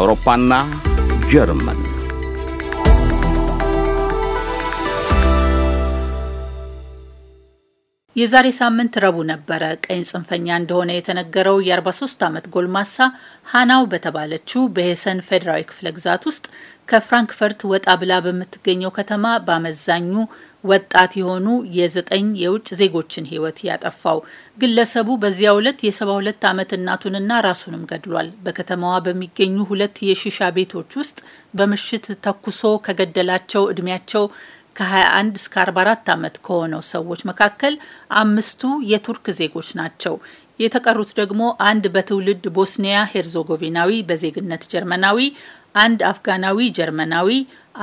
አውሮፓና ጀርመን የዛሬ ሳምንት ረቡዕ ነበረ ቀኝ ጽንፈኛ እንደሆነ የተነገረው የ43 ዓመት ጎልማሳ ሃናው በተባለችው በሄሰን ፌዴራዊ ክፍለ ግዛት ውስጥ ከፍራንክፈርት ወጣ ብላ በምትገኘው ከተማ በአመዛኙ ወጣት የሆኑ የዘጠኝ የውጭ ዜጎችን ሕይወት ያጠፋው ግለሰቡ በዚያ ሁለት የ72 ዓመት እናቱንና ራሱንም ገድሏል። በከተማዋ በሚገኙ ሁለት የሺሻ ቤቶች ውስጥ በምሽት ተኩሶ ከገደላቸው ዕድሜያቸው ከ21 እስከ 44 ዓመት ከሆነው ሰዎች መካከል አምስቱ የቱርክ ዜጎች ናቸው። የተቀሩት ደግሞ አንድ በትውልድ ቦስኒያ ሄርዞጎቪናዊ፣ በዜግነት ጀርመናዊ፣ አንድ አፍጋናዊ ጀርመናዊ፣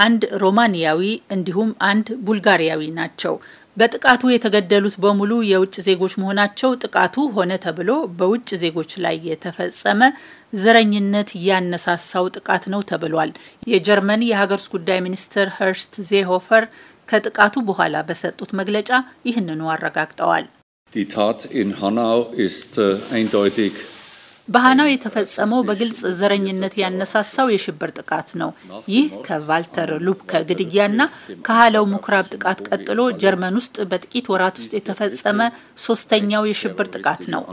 አንድ ሮማኒያዊ እንዲሁም አንድ ቡልጋሪያዊ ናቸው። በጥቃቱ የተገደሉት በሙሉ የውጭ ዜጎች መሆናቸው ጥቃቱ ሆነ ተብሎ በውጭ ዜጎች ላይ የተፈጸመ ዘረኝነት ያነሳሳው ጥቃት ነው ተብሏል። የጀርመን የሀገር ውስጥ ጉዳይ ሚኒስትር ሄርስት ዜሆፈር ከጥቃቱ በኋላ በሰጡት መግለጫ ይህንኑ አረጋግጠዋል። ሃናው äh, በሃናው የተፈጸመው በግልጽ ዘረኝነት ያነሳሳው የሽብር ጥቃት ነው። ይህ ከቫልተር ሉብከ ግድያና ከሀለው ምኩራብ ጥቃት ቀጥሎ ጀርመን ውስጥ በጥቂት ወራት ውስጥ የተፈጸመ ሶስተኛው የሽብር ጥቃት ነው።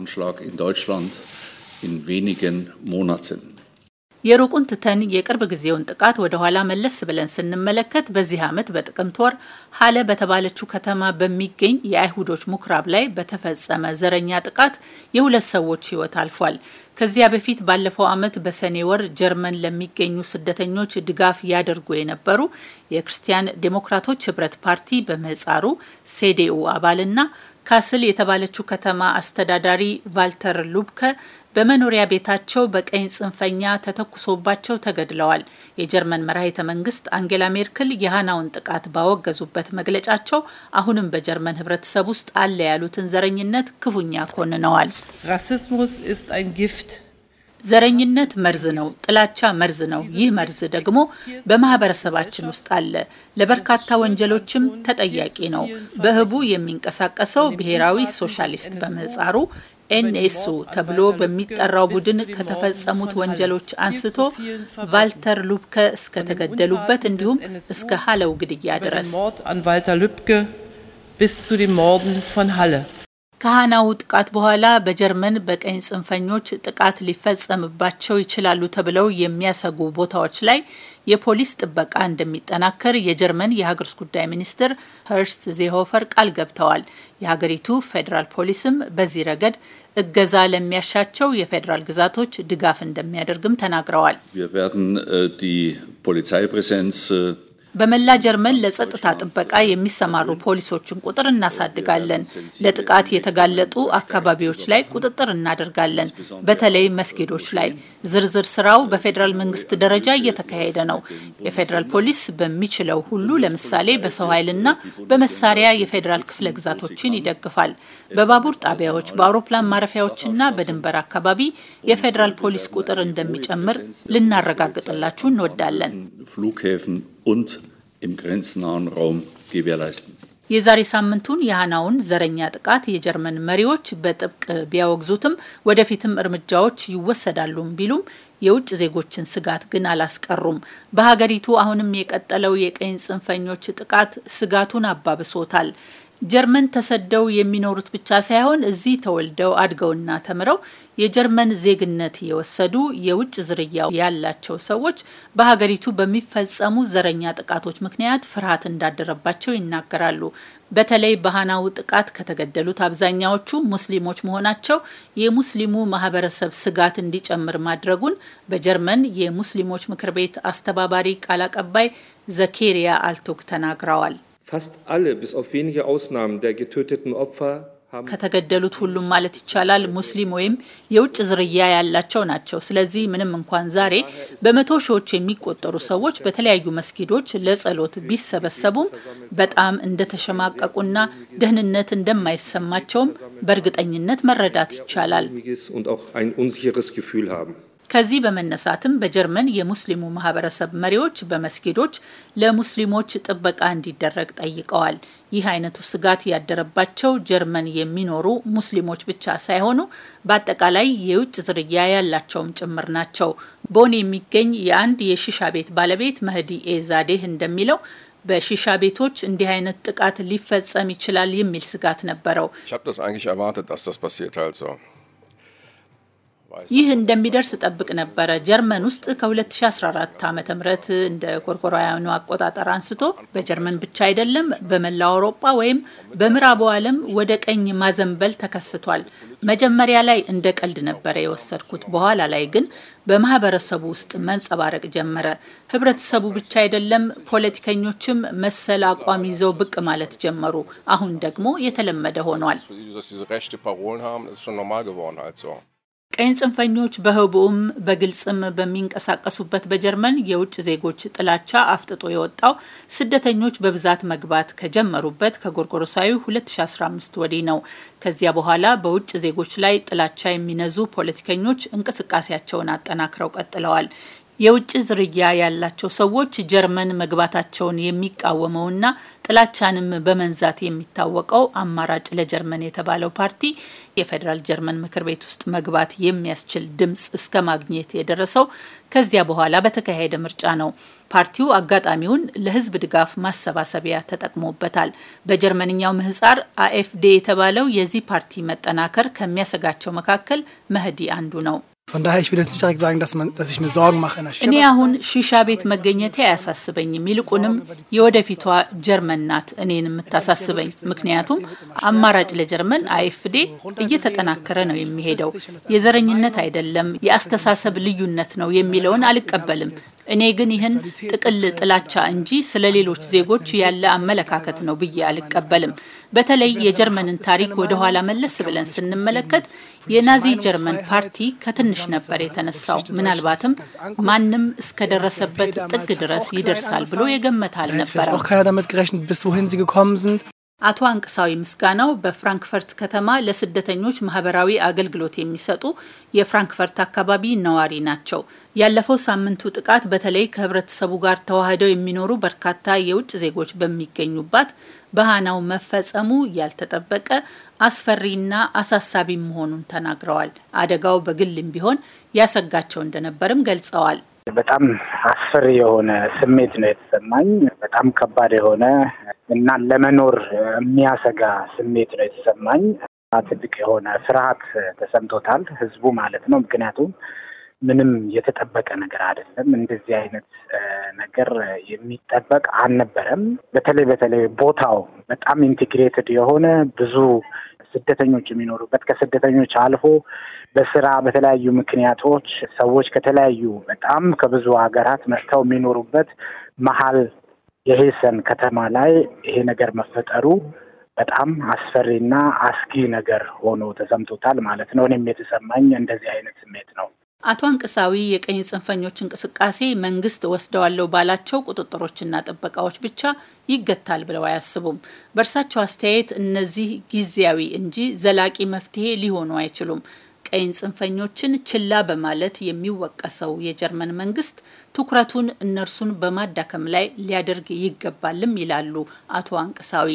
የሩቁን ትተን የቅርብ ጊዜውን ጥቃት ወደ ኋላ መለስ ብለን ስንመለከት በዚህ ዓመት በጥቅምት ወር ሀለ በተባለችው ከተማ በሚገኝ የአይሁዶች ምኩራብ ላይ በተፈጸመ ዘረኛ ጥቃት የሁለት ሰዎች ሕይወት አልፏል። ከዚያ በፊት ባለፈው ዓመት በሰኔ ወር ጀርመን ለሚገኙ ስደተኞች ድጋፍ ያደርጉ የነበሩ የክርስቲያን ዴሞክራቶች ህብረት ፓርቲ በምህጻሩ ሴዴኡ አባልና ካስል የተባለችው ከተማ አስተዳዳሪ ቫልተር ሉብከ በመኖሪያ ቤታቸው በቀኝ ጽንፈኛ ተተኩሶባቸው ተገድለዋል። የጀርመን መራሄተ መንግስት አንጌላ ሜርክል የሃናውን ጥቃት ባወገዙበት መግለጫቸው አሁንም በጀርመን ህብረተሰብ ውስጥ አለ ያሉትን ዘረኝነት ክፉኛ ኮንነዋል። ራሲስሙስ ኢስት አይን ጊፍት ዘረኝነት መርዝ ነው። ጥላቻ መርዝ ነው። ይህ መርዝ ደግሞ በማህበረሰባችን ውስጥ አለ። ለበርካታ ወንጀሎችም ተጠያቂ ነው። በህቡ የሚንቀሳቀሰው ብሔራዊ ሶሻሊስት በምህፃሩ ኤንኤስኦ ተብሎ በሚጠራው ቡድን ከተፈጸሙት ወንጀሎች አንስቶ ቫልተር ሉብከ እስከተገደሉበት እንዲሁም እስከ ሀለው ግድያ ድረስ ከሃናው ጥቃት በኋላ በጀርመን በቀኝ ጽንፈኞች ጥቃት ሊፈጸምባቸው ይችላሉ ተብለው የሚያሰጉ ቦታዎች ላይ የፖሊስ ጥበቃ እንደሚጠናከር የጀርመን የሀገር ውስጥ ጉዳይ ሚኒስትር ኸርስት ዜሆፈር ቃል ገብተዋል። የሀገሪቱ ፌዴራል ፖሊስም በዚህ ረገድ እገዛ ለሚያሻቸው የፌዴራል ግዛቶች ድጋፍ እንደሚያደርግም ተናግረዋል። በመላ ጀርመን ለጸጥታ ጥበቃ የሚሰማሩ ፖሊሶችን ቁጥር እናሳድጋለን። ለጥቃት የተጋለጡ አካባቢዎች ላይ ቁጥጥር እናደርጋለን፣ በተለይ መስጊዶች ላይ። ዝርዝር ስራው በፌዴራል መንግስት ደረጃ እየተካሄደ ነው። የፌዴራል ፖሊስ በሚችለው ሁሉ ለምሳሌ በሰው ኃይልና በመሳሪያ የፌዴራል ክፍለ ግዛቶችን ይደግፋል። በባቡር ጣቢያዎች፣ በአውሮፕላን ማረፊያዎችና በድንበር አካባቢ የፌዴራል ፖሊስ ቁጥር እንደሚጨምር ልናረጋግጥላችሁ እንወዳለን። und im grenznahen Raum gewährleisten. የዛሬ ሳምንቱን የሀናውን ዘረኛ ጥቃት የጀርመን መሪዎች በጥብቅ ቢያወግዙትም ወደፊትም እርምጃዎች ይወሰዳሉም ቢሉም የውጭ ዜጎችን ስጋት ግን አላስቀሩም። በሀገሪቱ አሁንም የቀጠለው የቀኝ ጽንፈኞች ጥቃት ስጋቱን አባብሶታል። ጀርመን ተሰደው የሚኖሩት ብቻ ሳይሆን እዚህ ተወልደው አድገውና ተምረው የጀርመን ዜግነት የወሰዱ የውጭ ዝርያ ያላቸው ሰዎች በሀገሪቱ በሚፈጸሙ ዘረኛ ጥቃቶች ምክንያት ፍርሃት እንዳደረባቸው ይናገራሉ። በተለይ በሃናው ጥቃት ከተገደሉት አብዛኛዎቹ ሙስሊሞች መሆናቸው የሙስሊሙ ማህበረሰብ ስጋት እንዲጨምር ማድረጉን በጀርመን የሙስሊሞች ምክር ቤት አስተባባሪ ቃል አቀባይ ዘኬሪያ አልቱክ ተናግረዋል። Fast alle bis auf wenige Ausnahmen der getöteten Opfer ከተገደሉት ሁሉም ማለት ይቻላል ሙስሊም ወይም የውጭ ዝርያ ያላቸው ናቸው። ስለዚህ ምንም እንኳን ዛሬ በመቶ ሺዎች የሚቆጠሩ ሰዎች በተለያዩ መስጊዶች ለጸሎት ቢሰበሰቡም በጣም እንደተሸማቀቁና ደህንነት እንደማይሰማቸውም በእርግጠኝነት መረዳት ይቻላል። ከዚህ በመነሳትም በጀርመን የሙስሊሙ ማህበረሰብ መሪዎች በመስጊዶች ለሙስሊሞች ጥበቃ እንዲደረግ ጠይቀዋል። ይህ አይነቱ ስጋት ያደረባቸው ጀርመን የሚኖሩ ሙስሊሞች ብቻ ሳይሆኑ በአጠቃላይ የውጭ ዝርያ ያላቸውም ጭምር ናቸው። ቦን የሚገኝ የአንድ የሺሻ ቤት ባለቤት መህዲ ኤዛዴህ እንደሚለው በሺሻ ቤቶች እንዲህ አይነት ጥቃት ሊፈጸም ይችላል የሚል ስጋት ነበረው። ይህ እንደሚደርስ ጠብቅ ነበረ። ጀርመን ውስጥ ከ2014 ዓ ም እንደ ጎርጎራውያኑ አቆጣጠር አንስቶ በጀርመን ብቻ አይደለም በመላው አውሮጳ ወይም በምዕራቡ ዓለም ወደ ቀኝ ማዘንበል ተከስቷል። መጀመሪያ ላይ እንደ ቀልድ ነበረ የወሰድኩት። በኋላ ላይ ግን በማህበረሰቡ ውስጥ መንጸባረቅ ጀመረ። ህብረተሰቡ ብቻ አይደለም ፖለቲከኞችም መሰል አቋም ይዘው ብቅ ማለት ጀመሩ። አሁን ደግሞ የተለመደ ሆኗል። ቀኝ ጽንፈኞች በህቡዕም በግልጽም በሚንቀሳቀሱበት በጀርመን የውጭ ዜጎች ጥላቻ አፍጥጦ የወጣው ስደተኞች በብዛት መግባት ከጀመሩበት ከጎርጎሮሳዊ 2015 ወዲህ ነው። ከዚያ በኋላ በውጭ ዜጎች ላይ ጥላቻ የሚነዙ ፖለቲከኞች እንቅስቃሴያቸውን አጠናክረው ቀጥለዋል። የውጭ ዝርያ ያላቸው ሰዎች ጀርመን መግባታቸውን የሚቃወመውና ጥላቻንም በመንዛት የሚታወቀው አማራጭ ለጀርመን የተባለው ፓርቲ የፌዴራል ጀርመን ምክር ቤት ውስጥ መግባት የሚያስችል ድምፅ እስከ ማግኘት የደረሰው ከዚያ በኋላ በተካሄደ ምርጫ ነው። ፓርቲው አጋጣሚውን ለሕዝብ ድጋፍ ማሰባሰቢያ ተጠቅሞበታል። በጀርመንኛው ምህጻር አኤፍዴ የተባለው የዚህ ፓርቲ መጠናከር ከሚያሰጋቸው መካከል መህዲ አንዱ ነው። እኔ አሁን ሺሻ ቤት መገኘት አያሳስበኝም። ይልቁንም የወደፊቷ ጀርመን ናት እኔን የምታሳስበኝ። ምክንያቱም አማራጭ ለጀርመን አይፍዴ እየተጠናከረ ነው የሚሄደው። የዘረኝነት አይደለም የአስተሳሰብ ልዩነት ነው የሚለውን አልቀበልም። እኔ ግን ይህን ጥቅል ጥላቻ እንጂ ስለ ሌሎች ዜጎች ያለ አመለካከት ነው ብዬ አልቀበልም። በተለይ የጀርመንን ታሪክ ወደኋላ መለስ ብለን ስንመለከት የናዚ ጀርመን ፓርቲ ከትን ትንሽ ነበር የተነሳው። ምናልባትም ማንም እስከደረሰበት ጥግ ድረስ ይደርሳል ብሎ የገመተ አልነበረም። አቶ አንቅሳዊ ምስጋናው በፍራንክፈርት ከተማ ለስደተኞች ማህበራዊ አገልግሎት የሚሰጡ የፍራንክፈርት አካባቢ ነዋሪ ናቸው። ያለፈው ሳምንቱ ጥቃት በተለይ ከህብረተሰቡ ጋር ተዋህደው የሚኖሩ በርካታ የውጭ ዜጎች በሚገኙባት በሃናው መፈጸሙ ያልተጠበቀ አስፈሪና አሳሳቢ መሆኑን ተናግረዋል። አደጋው በግልም ቢሆን ያሰጋቸው እንደነበርም ገልጸዋል። በጣም አስፈሪ የሆነ ስሜት ነው የተሰማኝ። በጣም ከባድ የሆነ እና ለመኖር የሚያሰጋ ስሜት ነው የተሰማኝ። ትልቅ የሆነ ፍርሃት ተሰምቶታል ህዝቡ ማለት ነው። ምክንያቱም ምንም የተጠበቀ ነገር አይደለም። እንደዚህ አይነት ነገር የሚጠበቅ አልነበረም። በተለይ በተለይ ቦታው በጣም ኢንቴግሬትድ የሆነ ብዙ ስደተኞች የሚኖሩበት ከስደተኞች አልፎ በስራ በተለያዩ ምክንያቶች ሰዎች ከተለያዩ በጣም ከብዙ ሀገራት መጥተው የሚኖሩበት መሀል የሄሰን ከተማ ላይ ይሄ ነገር መፈጠሩ በጣም አስፈሪና አስጊ ነገር ሆኖ ተሰምቶታል ማለት ነው። እኔም የተሰማኝ እንደዚህ አይነት ስሜት ነው። አቶ አንቅሳዊ የቀኝ ጽንፈኞች እንቅስቃሴ መንግስት ወስደዋለው ባላቸው ቁጥጥሮችና ጥበቃዎች ብቻ ይገታል ብለው አያስቡም። በእርሳቸው አስተያየት እነዚህ ጊዜያዊ እንጂ ዘላቂ መፍትሄ ሊሆኑ አይችሉም። ቀኝ ጽንፈኞችን ችላ በማለት የሚወቀሰው የጀርመን መንግስት ትኩረቱን እነርሱን በማዳከም ላይ ሊያደርግ ይገባልም ይላሉ አቶ አንቅሳዊ።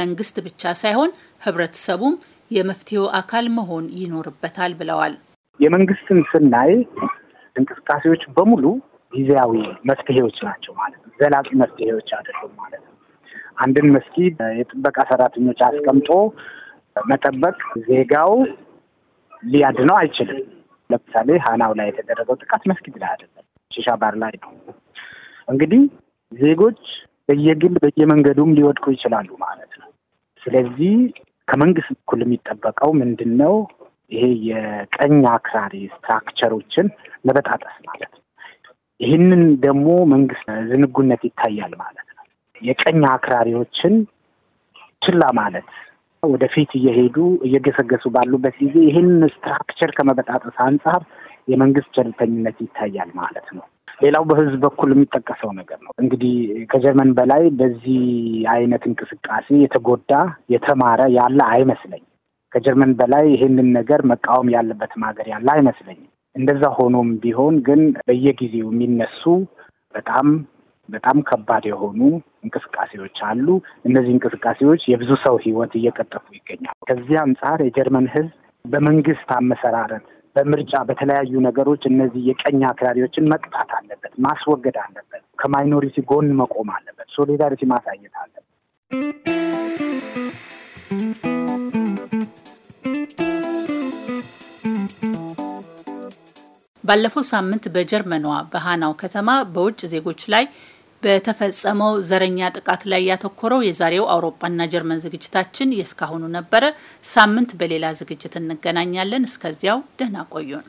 መንግስት ብቻ ሳይሆን ህብረተሰቡም የመፍትሄው አካል መሆን ይኖርበታል ብለዋል። የመንግስትን ስናይ እንቅስቃሴዎች በሙሉ ጊዜያዊ መፍትሄዎች ናቸው ማለት ነው። ዘላቂ መፍትሄዎች አይደሉም ማለት ነው። አንድን መስጊድ የጥበቃ ሰራተኞች አስቀምጦ መጠበቅ ዜጋው ሊያድነው አይችልም። ለምሳሌ ሀናው ላይ የተደረገው ጥቃት መስጊድ ላይ አይደለም፣ ሺሻ ባር ላይ ነው። እንግዲህ ዜጎች በየግል በየመንገዱም ሊወድቁ ይችላሉ ማለት ነው። ስለዚህ ከመንግስት በኩል የሚጠበቀው ምንድን ነው? ይሄ የቀኝ አክራሪ ስትራክቸሮችን መበጣጠስ ማለት ነው። ይህንን ደግሞ መንግስት ዝንጉነት ይታያል ማለት ነው። የቀኝ አክራሪዎችን ችላ ማለት ወደፊት እየሄዱ እየገሰገሱ ባሉበት ጊዜ ይህን ስትራክቸር ከመበጣጠስ አንጻር የመንግስት ቸልተኝነት ይታያል ማለት ነው። ሌላው በህዝብ በኩል የሚጠቀሰው ነገር ነው። እንግዲህ ከጀርመን በላይ በዚህ አይነት እንቅስቃሴ የተጎዳ የተማረ ያለ አይመስለኝም። ከጀርመን በላይ ይህንን ነገር መቃወም ያለበትም ሀገር ያለ አይመስለኝም። እንደዛ ሆኖም ቢሆን ግን በየጊዜው የሚነሱ በጣም በጣም ከባድ የሆኑ እንቅስቃሴዎች አሉ። እነዚህ እንቅስቃሴዎች የብዙ ሰው ህይወት እየቀጠፉ ይገኛሉ። ከዚህ አንጻር የጀርመን ህዝብ በመንግስት አመሰራረት፣ በምርጫ፣ በተለያዩ ነገሮች እነዚህ የቀኝ አክራሪዎችን መቅጣት አለበት፣ ማስወገድ አለበት፣ ከማይኖሪቲ ጎን መቆም አለበት፣ ሶሊዳሪቲ ማሳየት አለበት። ባለፈው ሳምንት በጀርመኗ በሃናው ከተማ በውጭ ዜጎች ላይ በተፈጸመው ዘረኛ ጥቃት ላይ ያተኮረው የዛሬው አውሮፓና ጀርመን ዝግጅታችን የእስካሁኑ ነበረ። ሳምንት በሌላ ዝግጅት እንገናኛለን። እስከዚያው ደህና ቆዩን።